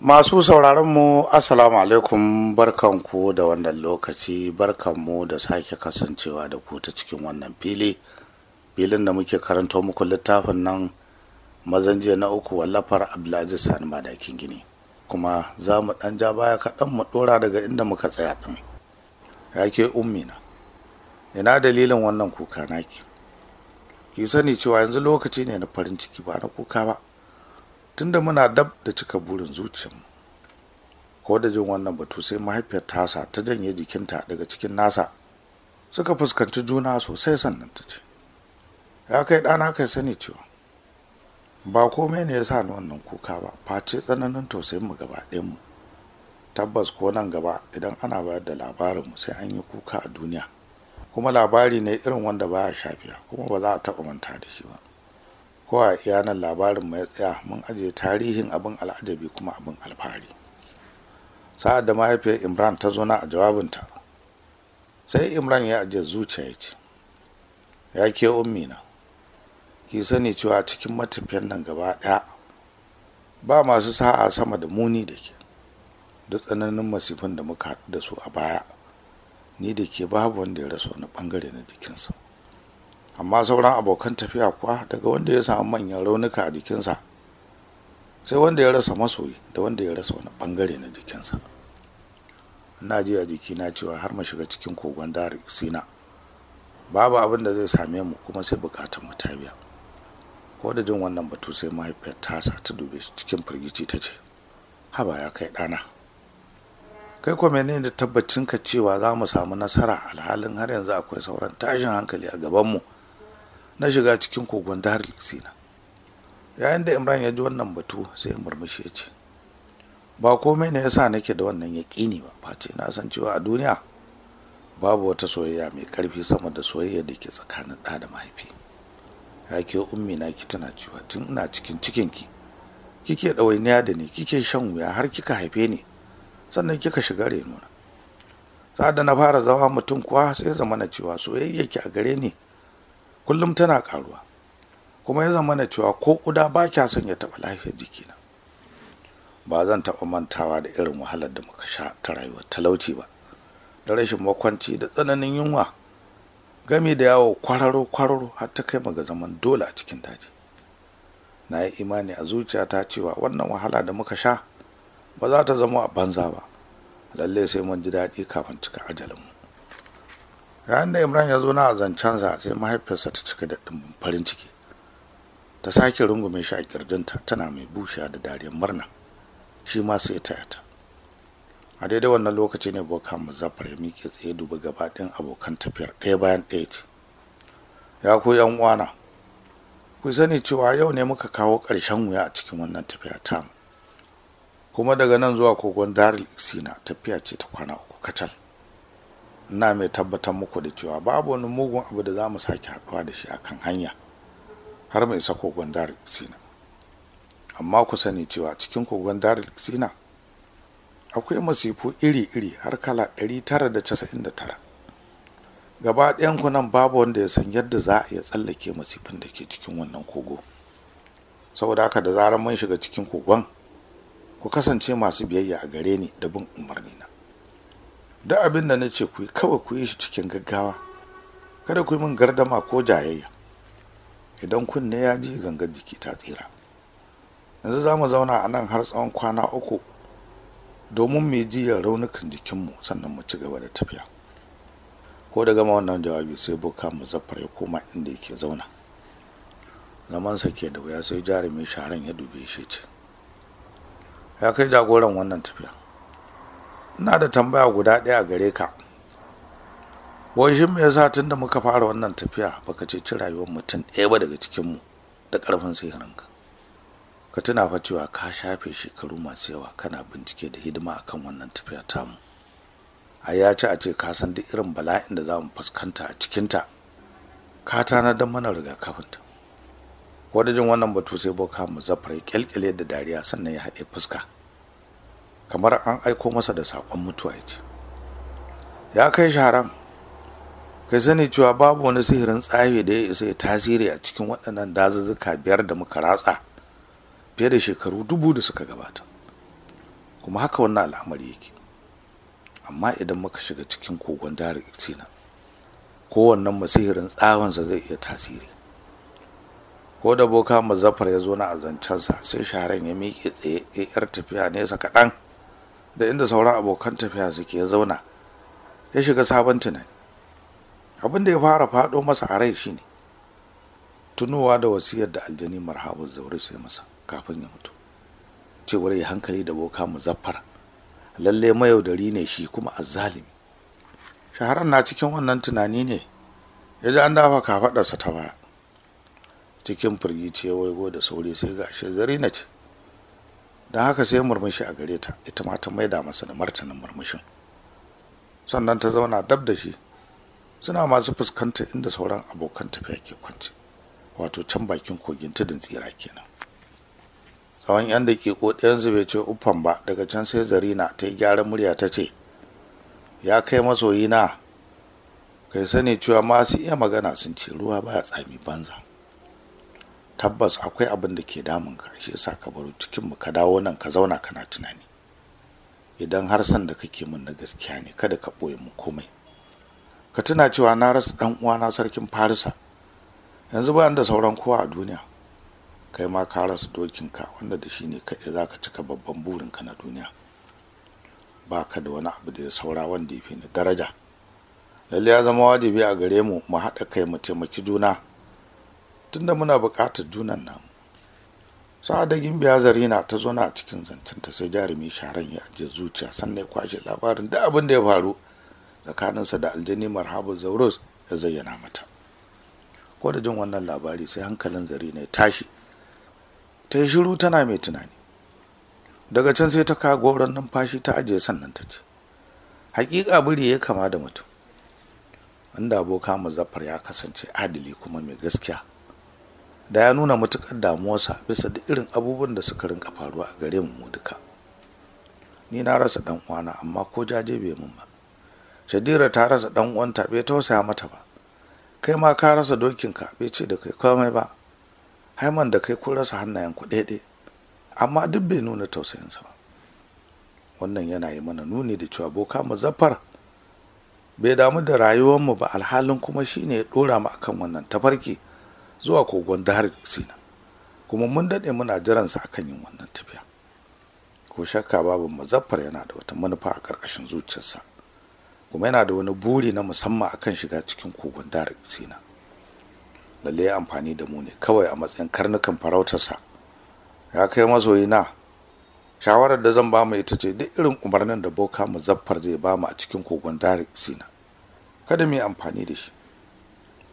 Masu mu asalamu alaikum barkanku da wannan lokaci barkanmu da sake kasancewa da ku ta cikin wannan fili. Filin da muke karanta muku littafin nan mazan jiya na uku wallafar Abdulaziz Sani Madakin Gini. Kuma za mu ɗan ja baya kaɗan mu ɗora daga inda muka tsaya ɗin. Ya ke ummina, ina dalilin wannan kuka naki. Ki sani cewa yanzu lokaci ne na farin ciki ba na kuka ba. tunda muna dab da cika burin zuciyarmu ko da jin wannan batu sai mahaifiyar tasa ta janye jikinta daga cikin nasa suka fuskanci juna sosai sannan ta ce ya kai ɗana kai sani cewa ba komai ne ya sa ni wannan kuka ba face tsananin tausayinmu gaba mu tabbas ko nan gaba idan ana bayar da labarinmu sai an yi kuka a duniya kuma labari ne irin wanda baya shafiya kuma ba za a taɓa manta da shi ba ko a iyanan labarin mai tsaya mun ajiye tarihin abin al'ajabi kuma abin alfahari sa'ad da mahaifiyar imran ta zo na a jawabinta sai imran ya ajiye zuciya ya ce ya ke ummina ki sani cewa cikin matafiyan nan gaba ɗaya ba masu sa'a sama da muni da ke da tsananin masifin da muka haɗu da su a baya ni da ke babu wanda ya rasu wani bangare na jikinsa amma sauran abokan tafiya kuwa daga wanda ya samu manyan raunuka a jikinsa sai wanda ya rasa masoyi da wanda ya rasa wani bangare na jikinsa na ji a jikina cewa har mu shiga cikin kogon dare sina babu abin da zai same mu kuma sai bukatar mu ta biya ko da jin wannan batu sai mahaifiyar tasa ta dube shi cikin firgici ta ce haba ya kai ɗana kai ko mene da tabbacin ka cewa za mu samu nasara alhalin har yanzu akwai sauran tashin hankali a gabanmu mu na shiga cikin kogon dahar sina yayin da imran ya ji wannan batu sai murmushi ya ce ba komai ne yasa nake da wannan yaƙini ba face na san cewa a duniya babu wata soyayya mai karfi sama da soyayya da ke tsakanin ɗa da mahaifi ya ke ummi na ki tana cewa tun ina cikin cikin Ki kike ɗawainiya da ni kike shan wuya har kika haife ni sannan kika shiga renuna sa'ad da na fara zama mutum kuwa sai zama na cewa soyayya ki a gare ni kullum tana karuwa kuma ya zama na cewa ko kuda ba kya son ya taɓa lafiyar jikina ba zan taɓa mantawa da irin wahalar da muka sha ta rayuwa talauci ba da rashin makwanci da tsananin yunwa Gami da yawo kwararo kwararo har ta kai ga zaman dole a cikin daji na yi imani a zuciyata cewa wannan wahala da muka sha ba za ta zama a banza ba lalle sai mun ji daɗi kafin cika ajalinmu yayin da imran ya zo na zancensa sai mahaifiyarsa ta cika da ɗimbin farin ciki ta sake rungume shi a kirjinta tana mai bushiya da dariyar murna shi ma sai ta yata a daidai wannan lokaci ne boka muzaffar ya miƙe tsaye duba gaba ɗin abokan tafiyar ɗaya bayan ɗaya ce ya ku yan uwana ku sani cewa yau ne muka kawo ƙarshen wuya a cikin wannan tafiya ta kuma daga nan zuwa kogon daril sina tafiya ce ta kwana uku kacal na mai tabbatar muku da cewa babu wani mugun abu da za mu sake haɗuwa da shi akan hanya har mu isa kogon darul sina amma ku sani cewa cikin kogon darul sina akwai masifu iri-iri har kala 999 gaba ɗayanku nan babu wanda ya san yadda za a iya tsallake masifin da ke cikin wannan kogo saboda haka da zarar mun shiga cikin kogon ku kasance masu biyayya a gare ni da bin umarnina da abin da na ce ku yi kawai ku yi shi cikin gaggawa kada ku yi min gardama ko jayayya idan kunne ya ji gangar jiki ta tsira yanzu za mu zauna a nan har tsawon kwana uku domin mu jiya raunukan jikinmu sannan mu ci gaba da tafiya ko da gama wannan jawabi sai boka mu zafar ya koma inda yake zauna zaman ke da wuya sai jarumi sharan ya dube shi ce ya kai jagoran wannan tafiya na da tambaya guda ɗaya a gare ka wai shin me yasa tun da muka fara wannan tafiya baka ce ci rayuwar mutum ɗaya ba daga cikinmu da ƙarfin sihirinka ka tuna fa cewa ka shafe shekaru masu yawa kana bincike da hidima akan wannan tafiya tamu a ya ci a ce ka san duk irin bala'in da za mu fuskanta a cikinta ka don mana rigakafinta wadajin wannan batu sai boka mu zafarai kyalkyale da dariya sannan ya haɗe fuska kamar an aiko masa da saƙon mutuwa ya ce ya kai sharan? kai sani cewa babu wani sihirin tsari da ya isa ya tasiri a cikin waɗannan dazuzzuka biyar da muka ratsa fiye da shekaru dubu da suka gabata kuma haka wannan al'amari yake amma idan muka shiga cikin kogon darin iksina kowannen masihirin tsawonsa zai iya tasiri ko da boka mazafar ya zo na zancensa, sai sharan ya miƙe tsaye yar tafiya nesa kaɗan da inda sauran abokan tafiya suke zauna ya shiga sabon tunani abin da ya fara faɗo masa a rai shine tunowa da wasiyar da aljani marhabu zaure sai masa kafin ya mutu cewar ya hankali da boka muzaffar lalle mayaudari ne shi kuma azzalimi Shaharan na cikin wannan tunani ne ya ji an dafa kafaɗarsa ta baya cikin firgice waigo da sauri sai ga ashe zari na ce don haka sai murmushi a gare ta ita ma ta maida masa da martanin murmushin sannan ta zauna dab da shi suna masu fuskanta inda sauran abokan tafiya ke kwanci wato can bakin kogin tudun tsira kenan tsawon yan da ke ɗayansu bai ce uffan ba daga can sai zarina ta yi gyaran murya ta ce ya kai masoyina kai sani cewa masu iya magana sun ce ruwa baya tsami banza tabbas akwai abin da ke damun ka shi yasa ka baro cikin mu ka dawo nan ka zauna kana tunani idan har san da kake min na gaskiya ne kada ka ɓoye mu komai ka tuna cewa na rasa ɗan uwana sarkin farisa yanzu ba da sauran kowa a duniya kai ma ka rasa ka, wanda da shi ne kaɗai za ka cika babban burinka na duniya ba ka da wani abu da ya saura wanda ya fi ni daraja lalle ya zama wajibi a gare mu mu haɗa kai mu taimaki juna tunda muna buƙatar junan nan da gimbiya na ta zo na a cikin zancen ta sai jarumi sharan ya ajiye zuciya sannan ya kwashe labarin da abin da ya faru tsakaninsa da aljani marhabu zauros ya zayyana mata ko da jin wannan labari sai hankalin zari ya tashi ta yi shiru tana mai tunani daga can sai ta kawo goron numfashi ta ajiye sannan ta ce hakika biri ya kama da mutum inda aboka Zafar ya kasance adili kuma mai gaskiya da ya nuna matukar damuwarsa bisa da irin abubuwan da suka rinka faruwa a gare mu mu duka ni na rasa dan uwana amma ko jaje bai mun ba shadira ta rasa dan uwanta bai tausaya mata ba kai ma ka rasa dokinka bai ce da kai komai ba haiman da kai kun rasa hannayen ku daidai amma duk bai nuna tausayinsa ba wannan yana yi mana nuni da cewa boka mu zafar bai damu da rayuwarmu ba alhalin kuma shine ya ɗora mu akan wannan tafarki zuwa kogon dahar sina kuma mun daɗe muna jiransa akan yin wannan tafiya ko shakka babu mazaffar yana da wata manufa a ƙarƙashin zuciyarsa kuma yana da wani buri na musamman akan shiga cikin kogon dahar sina lalle ya amfani da mu ne kawai a matsayin karnukan farautarsa ya kai masoyina shawarar da zan bamu ita ce duk irin umarnin da boka muzaffar zai bamu a cikin kogon dahar sina kada mu yi amfani da shi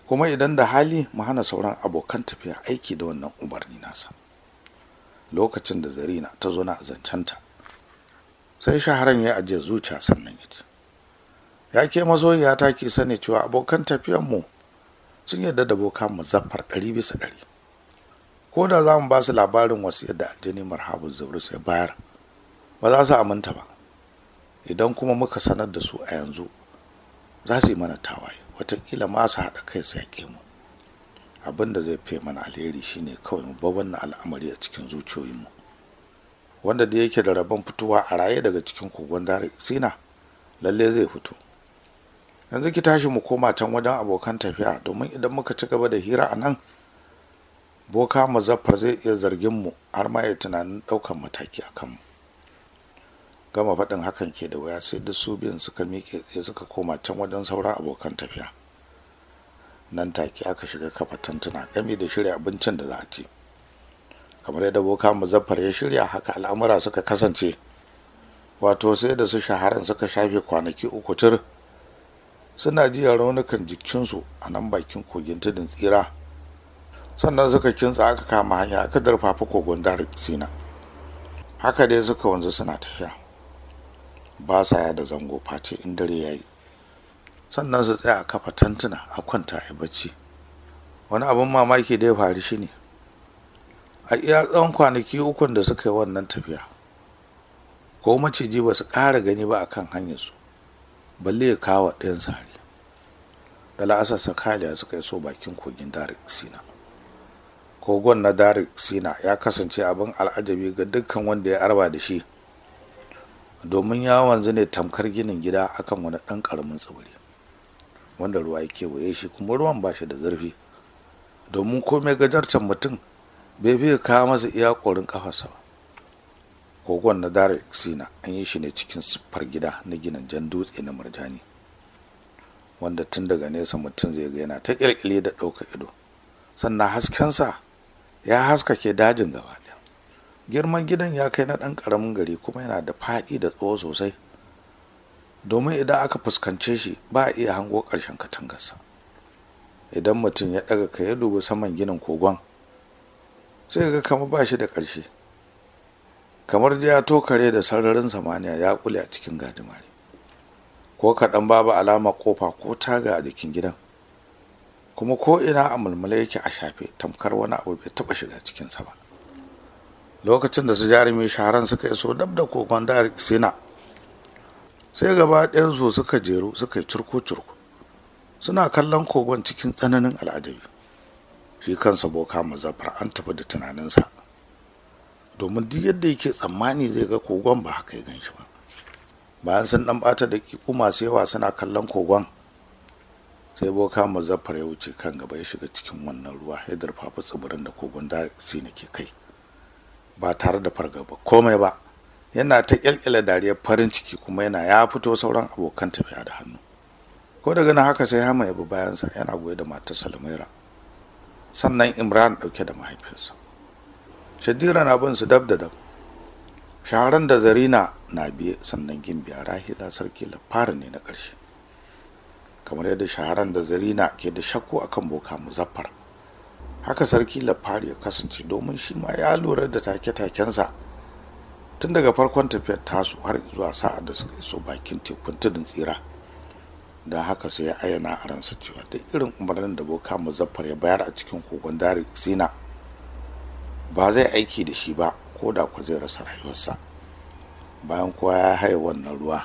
kuma idan da hali mu hana sauran abokan tafiya aiki da wannan umarni nasa lokacin da zarina ta zo na zancenta sai shaharan ya ajiye zuciya sannan ya ce ya ke masoyiya ta ki sani cewa abokan tafiyanmu sun yadda da boka mu zafar ɗari bisa ɗari ko da za mu ba su labarin wasu yadda aljini marhabu zauri sai bayar ba za su aminta ba idan kuma muka sanar da su a yanzu za su yi mana tawaye watakila ma su haɗa kai su yaƙe mu abin da zai fi mana alheri shine kawai mu bar wannan al'amari a cikin zuciyoyinmu wanda da yake da rabon fitowa a raye daga cikin kogon dare sina lalle zai fito yanzu ki tashi mu koma can wajen abokan tafiya domin idan muka ci gaba da hira a nan boka mazafar zai iya zargin mu har ma ya tunanin ɗaukan mataki a kanmu gama faɗin hakan ke da waya sai duk su biyan suka miƙe tsaye suka koma can wajen sauran abokan tafiya nan take aka shiga kafa tantuna gami da shirya abincin da za a ci kamar yadda boka muzaffar ya shirya haka al'amura suka kasance wato sai da su shaharan suka shafe kwanaki uku tur suna jiya raunukan jikinsu a nan bakin kogin tudun tsira sannan suka kintsa aka kama hanya aka darfafa kogon darik haka dai suka wanzu suna tafiya ba sa da zango face in dare ya yi sannan su tsaya a kafa tantuna a kwanta a bacci wani abin mamaki da ya faru shi ne a iya tsawon kwanaki ukun da suka yi wannan tafiya ko maciji ba su ƙara gani ba a kan hanyarsu balle ya kawo ɗayan sare da la'asar sakaliya suka yi so bakin kogin dare sina kogon na dare sina ya kasance abin al'ajabi ga dukkan wanda ya arba da shi domin ya wanzu ne tamkar ginin gida akan wani ɗan ƙaramin tsibiri wanda ruwa ya kewaye shi kuma ruwan ba shi da zarfi. domin komai gajartar mutum bai fiye kawo masa iya ƙorin ƙafarsa ba kogon na dare sina an yi shi ne cikin siffar gida na ginin jan dutse na murjani wanda tun daga nesa mutum zai ga yana ta ƙirƙire da ɗaukar ido sannan haskensa ya haskake dajin gaba girman gidan ya kai na ɗan ƙaramin gari kuma yana da faɗi da tsawo sosai domin idan aka fuskance shi ba a iya hango ƙarshen katangarsa idan mutum ya ɗaga ka ya dubi saman ginin kogon sai ga kama ba shi da ƙarshe kamar da ya tokare da sararin samaniya ya ƙule a cikin gadimare ko kaɗan babu alama ƙofa ko taga a jikin gidan kuma ko ina a mulmula yake a shafe tamkar wani abu bai taɓa shiga cikinsa ba lokacin da su jarumi shaharan suka iso dab da kogon da sina sai gaba ɗayansu suka jeru suka yi curku-curku suna kallon kogon cikin tsananin al'ajabi shi kansa boka zafar an tafi da tunaninsa domin duk yadda yake tsammani zai ga kogon ba haka ya ganshi ba bayan sun ɗan ɓata da kiku masu yawa suna kallon kogon sai boka zafar ya wuce kan gaba ya shiga cikin wannan ruwa ya durfafa tsibirin da kogon da ke kai ba tare da fargaba komai ba yana ta kyalkyala dariyar farin ciki kuma yana ya fito sauran abokan tafiya da hannu ko daga nan haka sai hama ya bi bayansa yana goye da matar salmaira sannan imran ɗauke da mahaifinsa shadira na bin su dab da dab shaharan da zarina na biye sannan gimbiya rahila sarki lafara ne na ƙarshe kamar yadda shaharan da zarina ke da shakku akan boka muzaffar haka sarki lafari ya kasance domin shi ma ya lura da take-takensa tun daga farkon tafiyar tasu har zuwa sa'a da suka iso bakin tekun tudun tsira da haka sai ya ayyana a ransa cewa da irin umarnin da boka muzaffar ya bayar a cikin kogon dare sina ba zai aiki da shi ba ko da ku zai rasa rayuwarsa bayan kowa ya haye wannan ruwa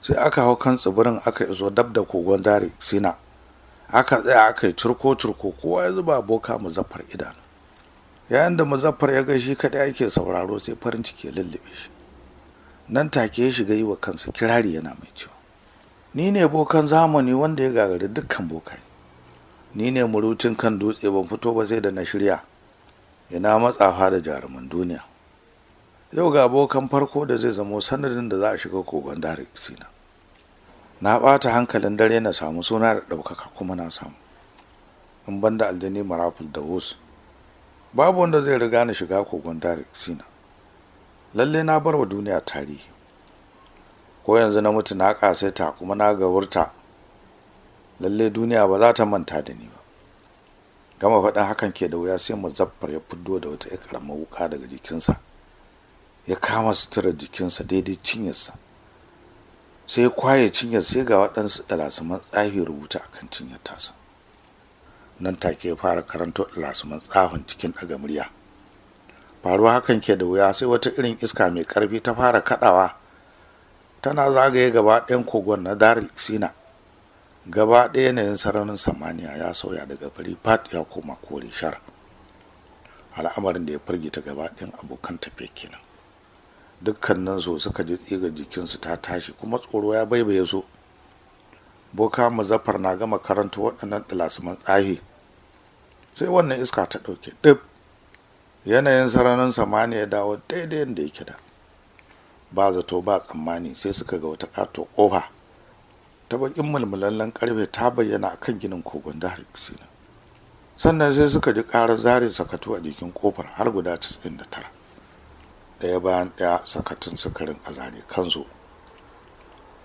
sai aka hau kan tsibirin aka iso dab da kogon dare sina aka tsaya aka yi curko-curko kowa ya zuba boka muzaffar idanu yayin da muzaffar ya ga kaɗai ake sauraro sai farin ciki ya lullube shi nan take ya shiga yi wa kansa kirari yana mai cewa ni ne bokan zamani wanda ya gagari dukkan bokai ni ne murucin kan dutse ban fito ba sai da na shirya ina matsafa da jaruman duniya yau ga bokan farko da zai zamo sanadin da za a shiga kogon darik sina na ɓata hankalin dare na samu suna da ɗaukaka kuma na samu in ban da aljini marafil da wasu babu wanda zai riga ni shiga kogon dare, sina lalle na bar wa duniya tarihi ko yanzu na mutu na ƙasaita kuma na gawurta lalle duniya ba za ta manta da ni ba gama faɗin hakan ke da wuya sai muzaffar ya fiddo da wata karama wuka daga jikinsa ya kama sutura jikinsa daidai cinyarsa sai kwaye cinyar sai ga waɗansu ɗalasuman tsafi rubuta a kan cinyar tasa nan take ya fara karanto ɗalasuman tsafin cikin ɗaga murya faruwa hakan ke da wuya sai wata irin iska mai ƙarfi ta fara kaɗawa tana zagaye gaba ɗayan kogon na dar sina gaba ɗaya yanayin sararin samaniya ya sauya daga fari fat ya koma kore shar al'amarin da ya firgita gaba ɗayan abokan tafiya kenan dukkanin su suka ji tsiga jikinsu ta tashi kuma tsoro ya baibaye su boka muzaffar na gama karanta waɗannan ɗalasuman tsahi sai wannan iska ta ɗauke ɗib yanayin sararin samani ya dawo daidai yadda yake da ba zato ba tsammani sai suka ga wata ƙato ƙofa ta bakin mulmulallen karfe ta bayyana akan ginin kogon dahar sannan sai suka ji ƙarar zarin sakatu a jikin ƙofar har guda 99 ɗaya bayan ɗaya sakatun sukarin a zare kansu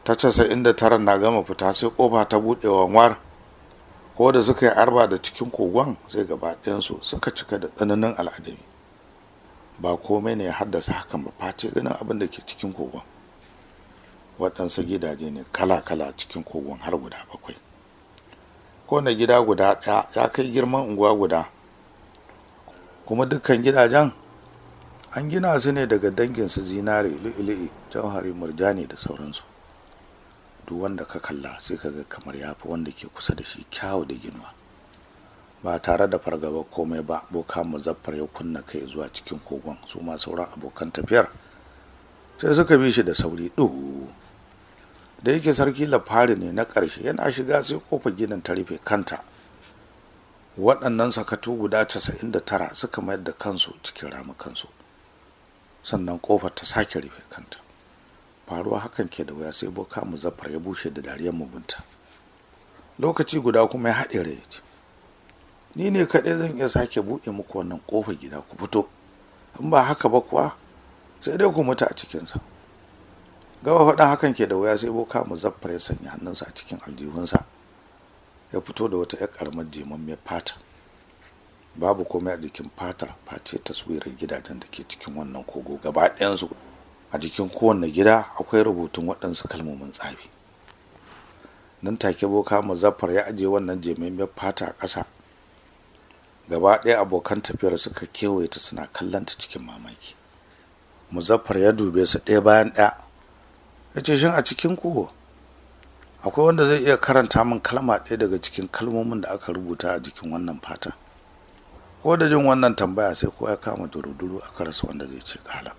ta sai inda tara na gama fita sai kofa ta buɗe wanwar ko da suka yi arba da cikin kogon sai gaba ɗayansu suka cika da tsananin al'ajabi ba komai ne ya haddasa hakan ba face ganin abin da ke cikin kogon waɗansu gidaje ne kala-kala cikin kogon har guda bakwai Ko kowane gida guda ɗaya ya kai girman unguwa guda kuma dukkan gidajen an gina su ne daga danginsu zinare ili'ili'i jauhari murjani da sauransu duk wanda ka kalla sai ka ga kamar ya fi wanda ke kusa da shi kyawu da ginuwa ba tare da fargaba komai ba boka muzaffar ya kunna kai zuwa cikin kogon su ma sauran abokan tafiyar sai suka bi shi da sauri ɗuhu da yake sarki lafari ne na ƙarshe yana shiga sai kofa ginin ta rufe kanta waɗannan sakatu guda 99 suka mayar da kansu cikin ramukansu kansu sannan kofar ta sake rufe kanta faruwa hakan ke da wuya sai boka mu zafar ya bushe da dariyar mugunta lokaci guda kuma ya haɗe rai ce ni ne kaɗai zan iya sake buɗe muku wannan kofar gida ku fito in ba haka ba kuwa sai dai ku mutu a cikinsa gaba faɗin hakan ke da wuya sai boka mu zafar ya sanya hannunsa a cikin aljihunsa ya fito da wata 'yar ƙaramar jimammiyar fata babu komai a jikin fatar face taswirar gidajen da ke cikin wannan kogo gaba ɗayansu a jikin kowane gida akwai rubutun waɗansu kalmomin tsafi nan take boka muzaffar ya ajiye wannan jememiyar fata a ƙasa gaba ɗaya abokan tafiyar suka kewaye ta suna kallonta cikin mamaki muzaffar ya dube su ɗaya bayan ɗaya ya ce shin a cikin ku akwai wanda zai iya karanta min kalma ɗaya daga cikin kalmomin da aka rubuta a jikin wannan fata ko da jin wannan tambaya sai ko ya kama duruduru a karas wanda zai ce kala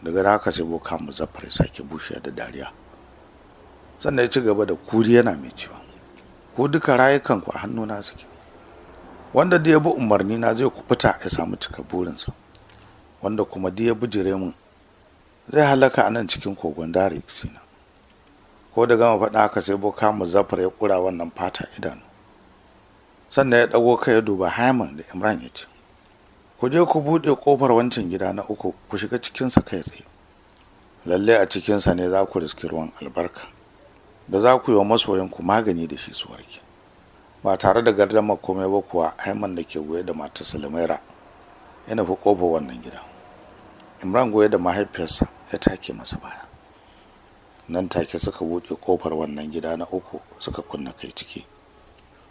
daga haka sai boka mu zafar sake bushe da dariya sannan ya ci gaba da kuri yana mai ciwon. ko duka ku a hannuna suke wanda da ya bi umarni na zai ku fita ya samu cika burinsa wanda kuma da ya bijire mun zai halaka a nan cikin kogon dare ko da gama faɗa haka sai boka mu zafar ya kura wannan fata idanu sannan ya ɗago kai ya duba Haman da Imran ya ce, Ku je ku buɗe ƙofar wancan gida na uku ku shiga cikinsa kai tsaye. Lalle a cikinsa ne za ku riski ruwan albarka da za ku yi wa masoyanku magani da shi su warke. Ba tare da gardama komai ba kuwa Haman da ke goye da matarsa Lamaira ya nufi ƙofar wannan gida. Imran goye da mahaifiyarsa ya take masa baya. Nan take suka buɗe ƙofar wannan gida na uku suka kunna kai ciki.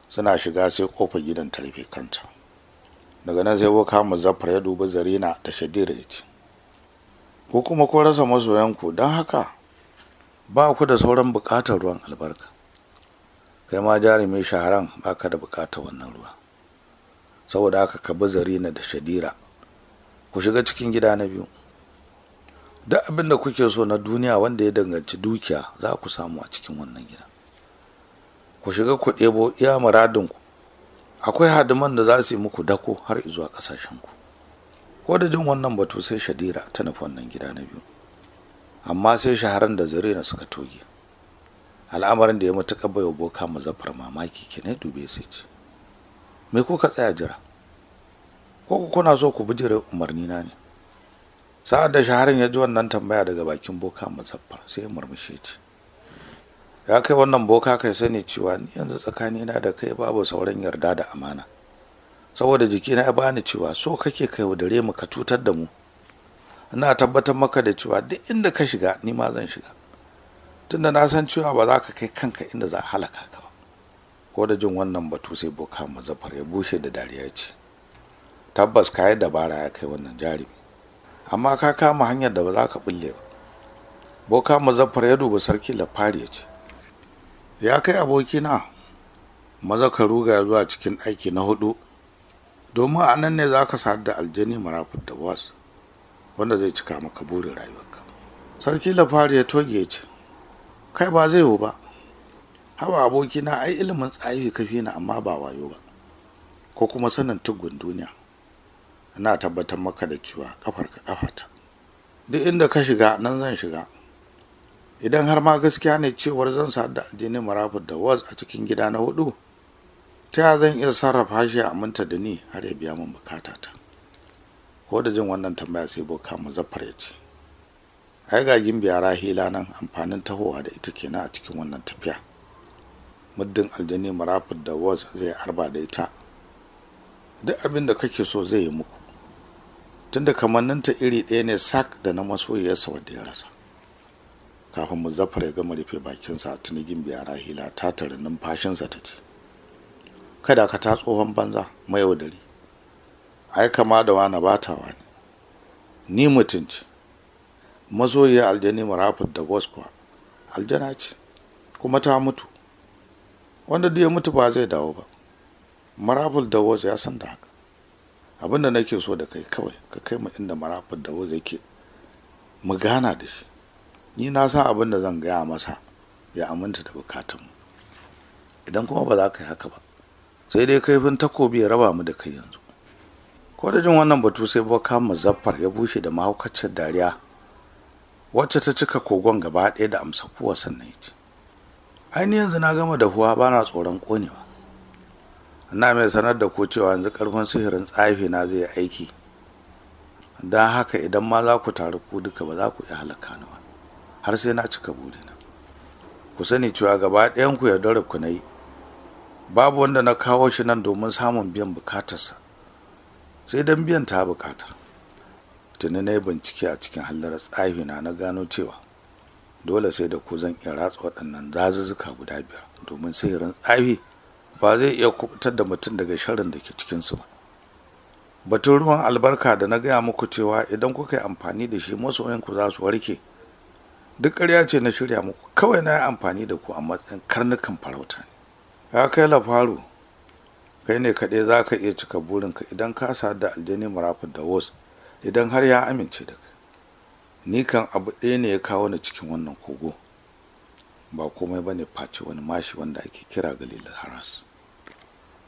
suna shiga sai kofar gidan ta rufe kanta daga nan sai boka Zafar ya dubi zarina da shadira ya ce ko kuma ko rasa masoyanku don haka ba ku da sauran bukatar ruwan albarka kai ma jarumi shaharan ba ka da bukatar wannan ruwa saboda haka ka bi zarina da shadira ku shiga cikin gida na biyu duk abin da kuke so na duniya wanda ya danganci dukiya za ku samu a cikin wannan gida ku shiga ku ɗebo iya muradinku akwai hadiman da za su yi muku dako har zuwa ku. ko da jin wannan batu sai shadira ta nufi wannan gida na biyu amma sai shaharan da zarena suka toge al'amarin da ya matuƙa baiwa boka zafar mamaki ke ne dube sai ce me kuka tsaya jira ko kuna so ku bijire umarni na ne sa'ad da shaharin ya ji wannan tambaya daga bakin boka zafar sai ya murmushe ce ya kai wannan boka kai sani cewa ni yanzu tsakani na da kai babu sauran yarda da amana saboda jiki na ya bani cewa so kake kai dare mu ka cutar da mu ina tabbatar maka da cewa duk inda ka shiga ni ma zan shiga tunda na san cewa ba za ka kai kanka inda za halaka ka ba ko da jin wannan batu sai boka mazafar ya bushe da dariya ce tabbas ka yi dabara ya kai wannan jarumi amma ka kama hanyar da ba za ka bulle ba boka mazafar ya duba sarki lafari ya ce ya kai abokina maza ka ruga zuwa cikin aiki na hudu domin a nan ne za ka sadu da aljani marafin da wasu, wanda zai cika maka burin rayuwarka sarki lafari ya toge ce kai ba zai yiwu ba hawa abokina ai ilimin tsayi kafi na amma ba wayo ba ko kuma sanin tugun duniya ina tabbatar maka da cewa kafarka kafata duk inda ka shiga nan zan shiga idan har ma gaskiya ne cewar zan sa da aljini marafin da was a cikin gida na hudu ta zan iya sarrafa shi a aminta da ni har ya biya min bukatata ko da jin wannan tambaya sai boka zafar ya ce ai ga gimbiya rahila nan amfanin tahowa da ita kenan a cikin wannan tafiya muddin aljani marafin da was zai arba da ita duk abin da kake so zai yi muku tunda kamanninta iri ɗaya ne sak da na masoyiyarsa wadda ya rasa kafin muzaffar ya gama rufe bakinsa tuni a rahila ta tare numfashinsa ta ce kada ka ta tsohon banza mayaudari ai kama da wani batawa ne ni mutunci mazoyi aljani marafin da goskwa aljana ce kuma ta mutu wanda da ya mutu ba zai dawo ba marafin da wasu ya san da haka abinda nake so da kai kawai ka kai mu inda marafin da wasu yake mu gana da shi ni na san abin da zan gaya masa ya aminta da bukatunmu idan kuma ba za ka yi haka ba sai dai kaifin takobi ya raba mu da kai yanzu ko da jin wannan batu sai baka muzaffar ya bushe da mahaukacin dariya wacce ta cika kogon gaba ɗaya da amsa kuwa sannan ya ce ainihin yanzu na gama da huwa bana tsoron konewa. ina mai sanar da ku cewa yanzu karfin sihirin tsafi na zai aiki don haka idan ma za ku taru ku duka ba za ku iya halaka ni ba har sai na cika bude na. ku sani cewa gaba ɗayanku ya dare ku na yi babu wanda na kawo shi nan domin samun biyan bukatarsa sai don biyan ta bukata tuni na yi bincike a cikin hallar tsahina na gano cewa dole sai da ku zan iya ratsa waɗannan zazuzzuka guda biyar domin sihirin tsafi ba zai iya kubutar da mutum daga sharrin da ke cikinsu ba batun ruwan albarka da na gaya muku cewa idan kuka yi amfani da shi masoyinku za su warke duk ƙarya ce na shirya muku kawai na yi amfani da ku a matsayin karnukan farauta ne ya kai lafaru kai ne kaɗai za ka iya cika burinka idan ka sa da aljani murafin da wasu idan har ya amince da kai ni kan abu ɗaya ne ya kawo ni cikin wannan kogo ba komai ba ne face wani mashi wanda ake kira galilin haras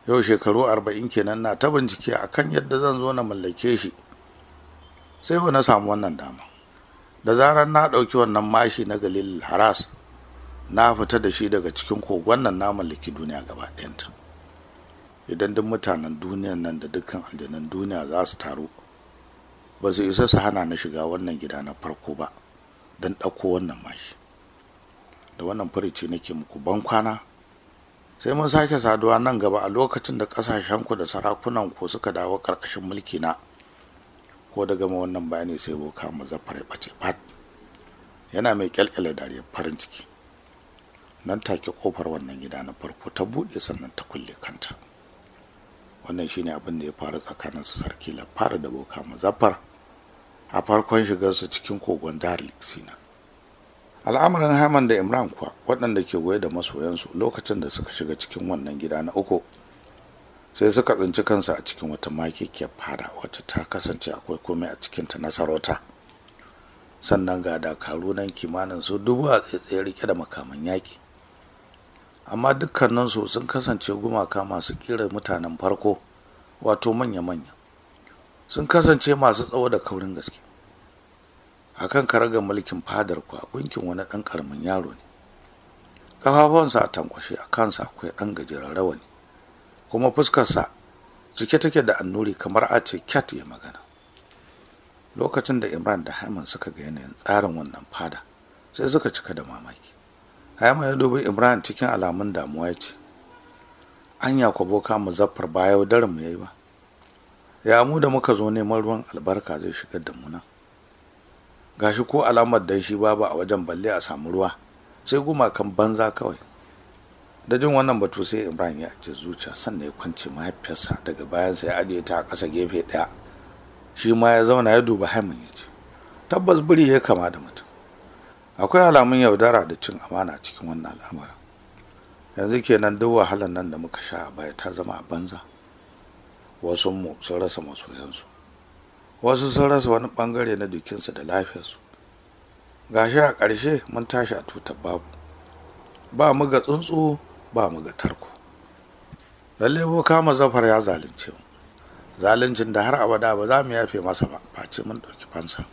yau shekaru arba'in kenan na ta bincike akan yadda zan zo na mallake shi sai na samu wannan dama da zarar na ɗauki wannan mashi na galil haras na fita da shi daga cikin kogon nan na mallaki duniya gaba ɗayanta idan duk mutanen duniyan nan da dukkan aljanan duniya za su taru ba su isa su hana na shiga wannan gida na farko ba don ɗauko wannan mashi da wannan furici nake muku ban kwana sai mun sake saduwa nan gaba a lokacin da ƙasashenku da sarakunanku suka dawo ƙarƙashin mulki na ko da gama wannan bayani sai boka mu ya bace fat yana mai kyalkyale dariyar farin ciki nan take kofar wannan gida na farko ta buɗe sannan ta kulle kanta wannan shine abin da ya faru tsakanin su sarki fara da boka zafar a farkon shigar su cikin kogon dahar liksina al'amarin haman da imran kuwa waɗanda ke goye da masoyansu lokacin da suka shiga cikin wannan gida na uku sai suka tsinci kansa a cikin wata makekiyar fada wacce ta kasance akwai komai a cikinta na sarauta sannan ga dakaru nan kimanin su dubu a tsaye rike da makaman yaƙi amma dukkaninsu sun kasance gumaka masu ƙira mutanen farko wato manya-manya sun kasance masu tsawo da kaurin gaske akan karagar mulkin fadar kuwa gunkin wani ɗan ƙaramin yaro ne ƙafafuwansa a tankwashe a kansa akwai ɗan gajeren rawani kuma fuskarsa cike take da annuri kamar a ce cat ya magana lokacin da imran da haman suka ga yanayin tsarin wannan fada sai suka cika da mamaki haman ya dubi imran cikin alamun damuwa ya ce anya ku boka mu zaffar bayan daren mu yayi ba ya mu da muka zo neman ruwan albarka zai shigar da mu nan gashi ko alamar dan shi babu a wajen balle a samu ruwa sai gumakan banza kawai da jin wannan batu sai ibrahim ya ce zuciya sannan ya kwance mahaifiyarsa daga bayansa ya ajiye ta a ƙasa gefe ɗaya shi ma ya zauna ya duba haimun ya ce tabbas biri ya kama da mutum akwai alamun yaudara da cin amana cikin wannan al'amara yanzu kenan duk wahalar nan da muka sha a baya ta zama a banza wasu mu sun rasa masoyansu wasu sun rasa wani bangare na jikinsu da lafiyarsu gashi a ƙarshe mun tashi a tutar babu ba mu ga tsuntsu ba mu ga tarko lalle boka mu zafar ya zalunce mu zaluncin da har abada ba za mu yafe masa ba face mun ɗauki fansa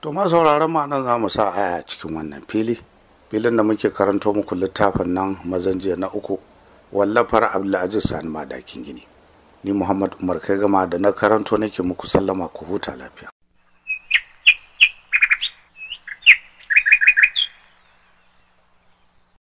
to ma sauraron ma nan za mu sa aya cikin wannan fili filin da muke karanto muku littafin nan mazan jiya na uku wallafar abdulaziz sani madakin gini ni muhammad umar kai gama da na karanto nake muku sallama ku huta lafiya